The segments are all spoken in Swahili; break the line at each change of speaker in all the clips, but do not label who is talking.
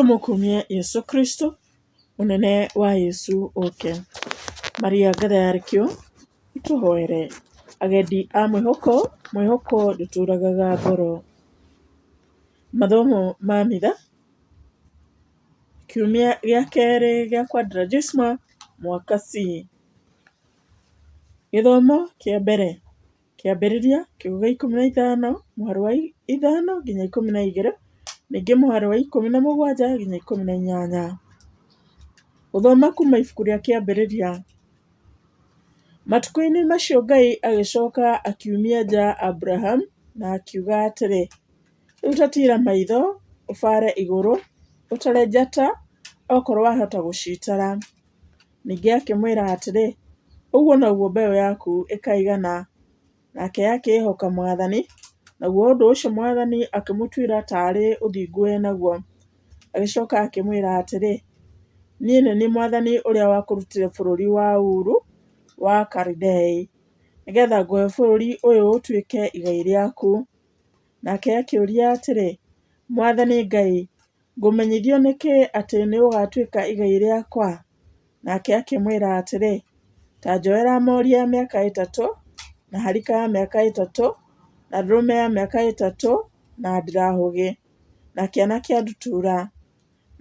Somo kumye Yesu Kristo, unene wa Yesu oke Maria Gatharĩkio, ituhoere. Agendi a mwĩhoko, mwĩhoko ndũtũragaga ngoro. Mathomo ma mitha kiumia gĩa kerĩ gĩa Quadragesima, mwaka C. Gĩthomo kia mbere kĩambĩrĩria kiugo gĩa ikũmi na ithano mũhari wa ithano nginya ikũmi na igĩrĩ Ningĩ mũhari wa ikumi na mũgwanja nginya ikumi na inyanya Gũthoma kuma ibuku rĩa kĩambĩrĩria. Matukũ-inĩ macio Ngai agĩcoka akiumia nja abraham na akiuga atĩrĩ, utatira ta tiira maitho, ũbaare igũrũ, ũtare njata, okorwo wahota gũcitara". Ningĩ akĩmwĩra atĩrĩ, "Ũguo noguo mbeũ yaku ĩkaigana". Nake akĩĩhoka Mwathani naguo ũndũ ũcio Mwathani akimutwira taarĩ ũthingu enaguo. Agĩcoka akĩmwĩra atĩrĩ, “Niĩ nĩ ni Mwathani ũrĩa wakũrutire bũrũri wa Uru wa Kaldei, nĩgeetha ngũhe bũrũri ũyũ ũtuĩke igai rĩaku.” Nake akĩũria atĩrĩ, “Mwathani Ngai, ngũmenyithio nĩkĩ atĩ nĩũgatuĩka igai rĩakwa?” Nake akĩmwĩra atĩrĩ, “Ta njoera moria miaka ĩtatũ, na harika ka mĩaka ĩtatũ, na ndũrũme ya miaka itatu na ndirahũgĩ, na kĩana kĩa ndutura.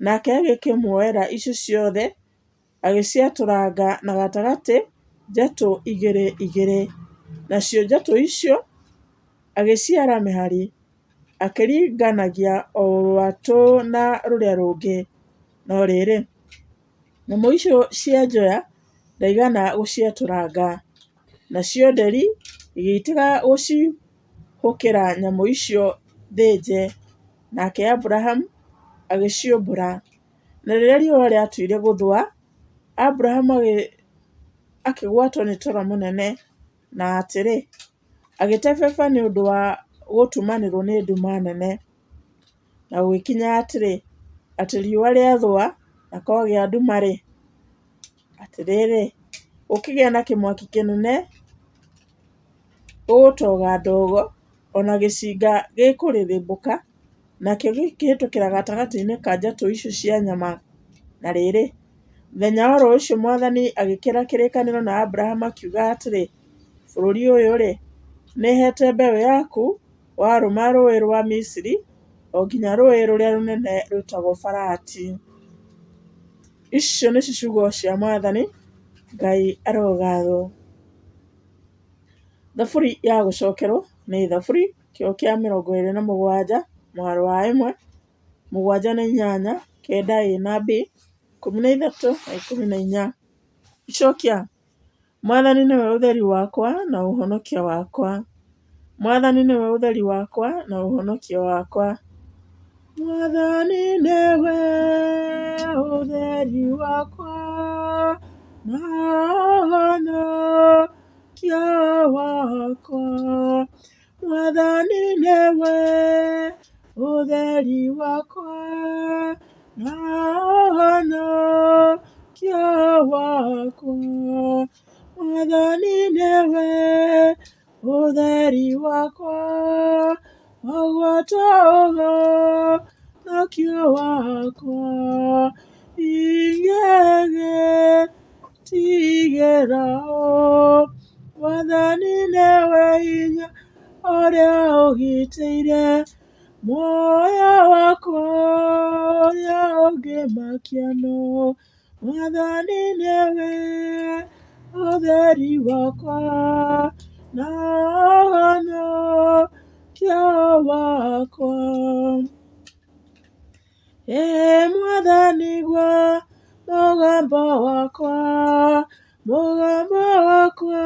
Nake agĩkĩmuoera icio ciothe, agĩciatũranga na gatagatĩ njatũ igĩrĩ igĩrĩ. Nacio njatũ icio agĩciara mĩhari, akĩringanagia o rwatũ na rũrĩa rũngĩ. No rĩrĩ, nyamũ icio cia njoya ndaigana gũciatũranga, nacio nderi igĩtiga gũci hũkĩra nyamũ icio thĩnje, nake Aburahamu agĩciũmbũra. Na rĩrĩa riũa rĩatuire gũthũa, Aburahamu akĩgwatwo nĩ toro mũnene, na atĩrĩ, agĩtebeba nĩ ũndũ wa gũtumanĩrwo nĩ nduma nene. Na gũgĩkinya atĩrĩ, atĩ riũa rĩathũa, na kwagĩa nduma-rĩ, atĩrĩrĩ, gũkĩgĩa na kĩmwaki kĩnene gũgũtoga ndogo, ona gĩcinga gĩkũrĩrĩmbũka, nakĩo gĩkĩhĩtũkĩra gatagatĩ-inĩ ka njatũ icio cia nyama na rĩrĩ, mũthenya o ro ũcio Mwathani agikira kĩrĩkanĩro na abraham akiuga atĩrĩ, “Bũrũri ũyũ-rĩ, nĩheete mbeũ yaku, warũma rũũĩ rwa Misiri, o nginya rũũĩ rũrĩa rũnene rwĩtagwo Farati.” Icio nĩcio ciugo cia Mwathani. Ngai arogathwo. Thaburi ya gũcokerwo nĩ thaburi, kĩo kĩa mĩrongo na mũgwanja, mwaro wa ĩmwe, mũgwanja na inyanya, kenda A na B, ikũmi na ithatũ na ikũmi na inya. Icokia: Mwathani nĩwe ũtheri wakwa na ũhonokio wakwa, Mwathani nĩwe ũtheri wakwa na ũhonokio wakwa, Mwathani nĩwe ũtheri wakwa na ũhonokio wakwa. Mwathani nĩwe ũtheri wakwa na ũhonokia wakwa. Mwathani nĩwe ũtheri wakwa, ogwata ũguo ta ũhonokio wakwa. Ingĩgĩtigĩra ũũ, Mwathani nĩwe hinya ũrĩa ũgitĩire muoyo wakwa ũrĩa ũngĩmakia nũũ Mwathani nĩwe ũtheri wakwa na ũhonokia wakwa ĩ Mwathani guo mũgambo wakwa mũgambo wakwa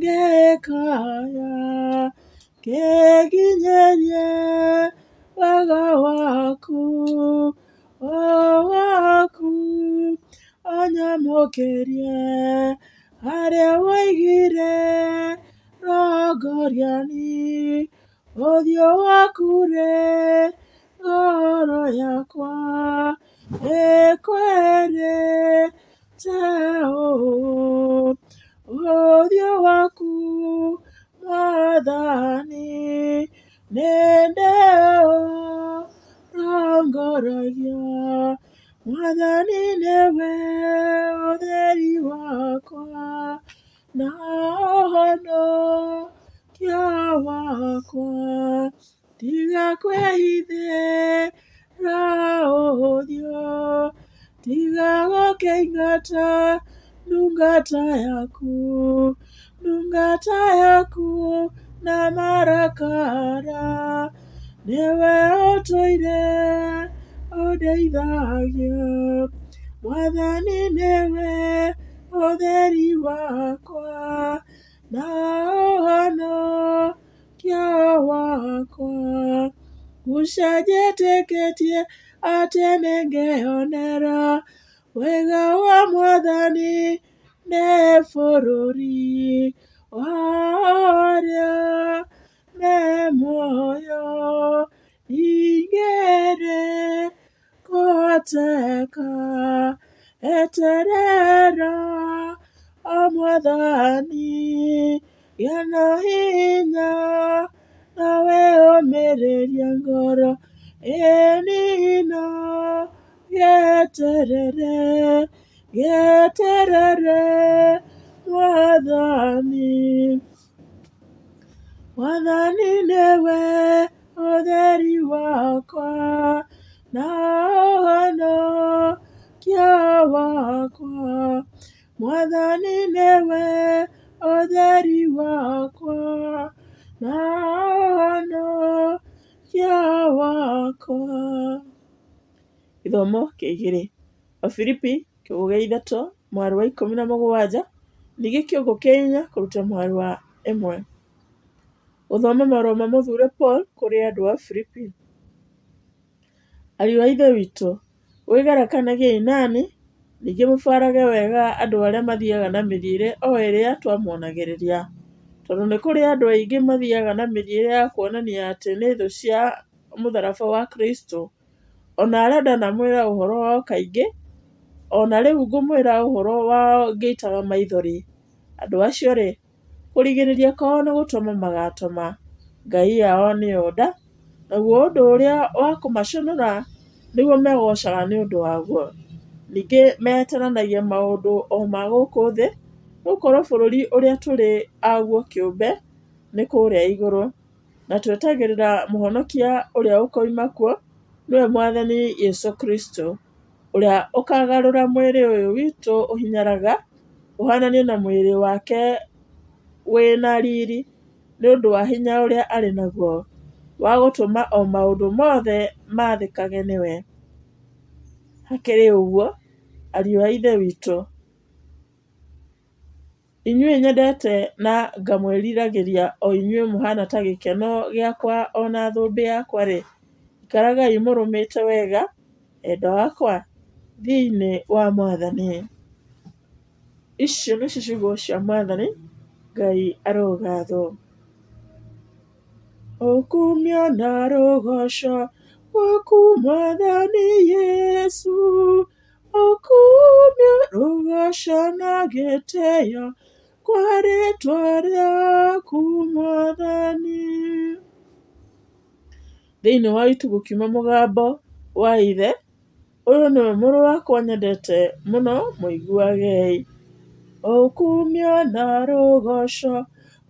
ngekhaya ngekinyenye wakawakhu owakhu onyamokerie aria waigire rogo riani ũthiũ waku rĩ ngoro yakwa ĩkwĩrĩ ta ũũ moyo wangu madhani nendeo rongoragia mwathani nĩwe ũtheri wakwa na ũhonokia wakwa tiga kwĩhithĩra ũũthiũ tiga gũkĩingata Dungata yako, dungata yako na marakara newe otoire ũndeithagia mwathani newe otheri wakwa na ũhonokia wakwa gucenjetĩkĩtie atĩ nĩngeyonera wega wa mwathani ne bũrũri wa arĩa me muoyo ingĩrĩ kũhoteka eterera o mwathani gĩa hinya na wĩũmĩrĩrie ngoro ĩnina Yeterere, yeterere, mwathani mwathani newe hodari wakwa, na naohano kia wakwa. mwathani newe hodari wakwa, na naohano kia wakwa. Gĩthomo kĩgĩrĩ: Ofilipi (kĩbũgũ gĩa ithatũ, mũhari wa ikũmi na mũgwanja) ningĩ kĩbũgũ kĩa inya kũruta mũhari wa ĩmwe. Gũthoma marũa ma mũthure Paul kũrĩ andũ a Filipi Ariũ a Ithe witũ, mwĩgarũkanagiei na niĩ, ningĩ mũfarage wega andũ arĩa mathiaga na mĩthiĩre o ĩrĩa twamuonagĩrĩria. Tondũ nĩ kũrĩ andũ aingĩ mathiaga na mĩthiĩre ya kuonania atĩ nĩ thũ cia mũtharaba wa Kristo ona arenda ndamwĩre ũhoro wao kaingĩ, ona rĩu ngũmwĩra ũhoro wao ngĩitaga maithori, andũ acio-rĩ, kũrigĩrĩria kwao nĩ gũtũma magatoma, ngai yao nĩyo nda, naguo ũndũ ũrĩa wa kũmaconora nĩguo megocaga nĩũndũ waguo. Ningĩ mehetananagia maũndũ o ma gũkũ thĩ, nĩgũkorwo bũrũri ũrĩa tũrĩ aguo kĩũmbe nĩ kũrĩa igũrũ, na twetagĩrĩra mũhonokia ũrĩa ũkoima kuo, nĩwe Mwathani Yesu Kristo, ũrĩa ũkaagarũra mwĩrĩ ũyũ witũ ũhinyaraga ũhaananie na mwĩrĩ wake wĩ na riiri nĩ ũndũ wa hinya ũrĩa arĩ naguo wa gũtũma o maũndũ mothe maathĩkage nĩwe. Hakĩrĩ ũguo, ariũ a Ithe witũ, inyuĩ nyendete na ngamwĩriragĩria o inyuĩ mũhaana ta gĩkeno gĩakwa ona na thũmbĩ yakwa-rĩ, Ikaragai mũrũmĩte wega, endwa akwa, thĩinĩ wa Mwathani. Icio nĩcio ciugo cia Mwathani. Ngai arogathwo. Ũkumio na rũgoco waku Mwathani Yesu, ũkumio, rũgoco na gĩtĩo kwa rĩĩtwa rĩaku Mwathani. thĩinĩ wa YouTube ũkiuma mũgambo wa ithe, ũyũ nĩwe mũrũ wakwa nyendete mũno mũiguagei. Ũkumio na rũgoco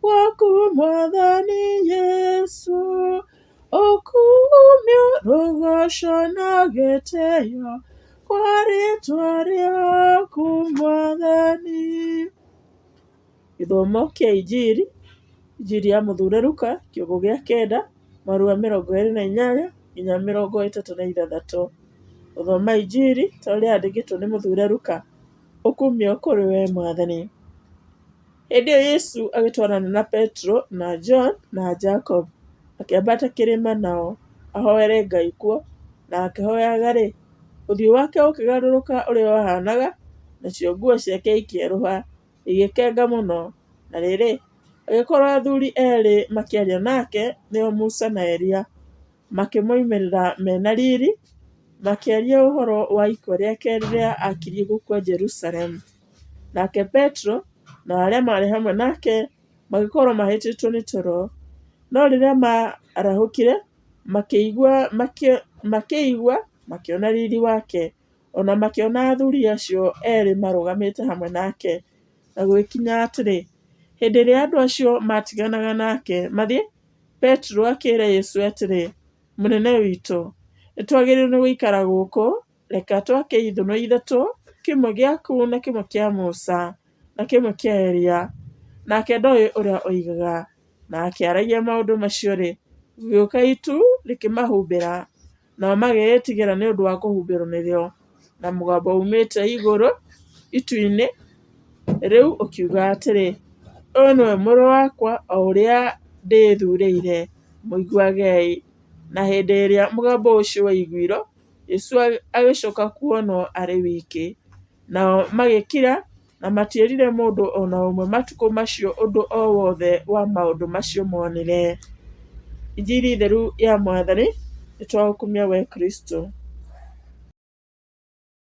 gwaku mwathani Yesu, ũkumio rũgoco na gĩtĩo kwa rĩtwa rĩaku mwathani. Gĩthomo kĩa injiri, injiri ya mũthure Luka kiugũ gĩa kenda. marua wa mĩrongo ĩĩrĩ na inyanya nginya mĩrongo ĩtatũ na ithathatũ, Gũthoma Injiri ta ũrĩa yandĩkĩtwo nĩ mũthuure Luka Ũkumio kũrĩ we Mwathani. Hĩndĩ ĩyo Jesũ agĩtwarana na Petro na John, na Jacob, akĩambata kĩrĩma nao ahoere Ngai kuo, na akĩhooyaga-rĩ, ũthiũ wake ũkĩgarũrũka ũrĩa wahanaga nacio nguo ciake ikĩerũha, igĩkenga mũno. Na rĩrĩ, Agĩkorwo athuri erĩ makĩaria nake nĩo Musa na Elia, makĩmoimĩrĩra mena riiri, makĩaria ũhoro wa ikua rĩa keerĩ rĩa akirie gũkua Jerusalemu. Nake petro na arĩa maarĩ hamwe nake magĩkorwo mahĩtĩtwo nĩ toro, no rĩrĩa maarahũkire, makĩigua makĩona riri wake, ona na makĩona athuri acio erĩ marũgamĩte hamwe nake, na gwĩkinya atĩrĩ hĩndĩ ĩrĩa andũ acio maatiganaga nake, mathiĩ, Petro akĩĩra Yesu atĩrĩ, mũnene witũ, nĩ twagĩrĩirwo nĩ gũikara gũkũ, reka twake ithũnũ ithatũ, kĩmwe gĩaku na kĩmwe kĩa Musa na kĩmwe kĩa Elia. Nake ndoĩ ũrĩa oigaga, na akĩaragia maũndũ macio rĩ, gũgĩũka itu rĩkĩmahumbĩra, nao magĩĩtigĩra nĩ ũndũ wa kũhumbĩrwo nĩrĩo, na mũgambo umĩte igũrũ itu-inĩ rĩu ũkiuga atĩrĩ, Ũyũ nĩwe mũrũ wakwa o ũrĩa ndĩthurĩire mũiguagei. Na hĩndĩ ĩrĩa mũgambo ũcio waiguirwo, Jesũ agĩcoka kuonwo arĩ wiki. Nao magĩkira na matiĩrire mũndũ o na ũmwe matukũ macio ũndũ o wothe wa maũndũ macio moonire. Injiri theru ya Mwathani. Nĩ twaũkumia we Kristũ.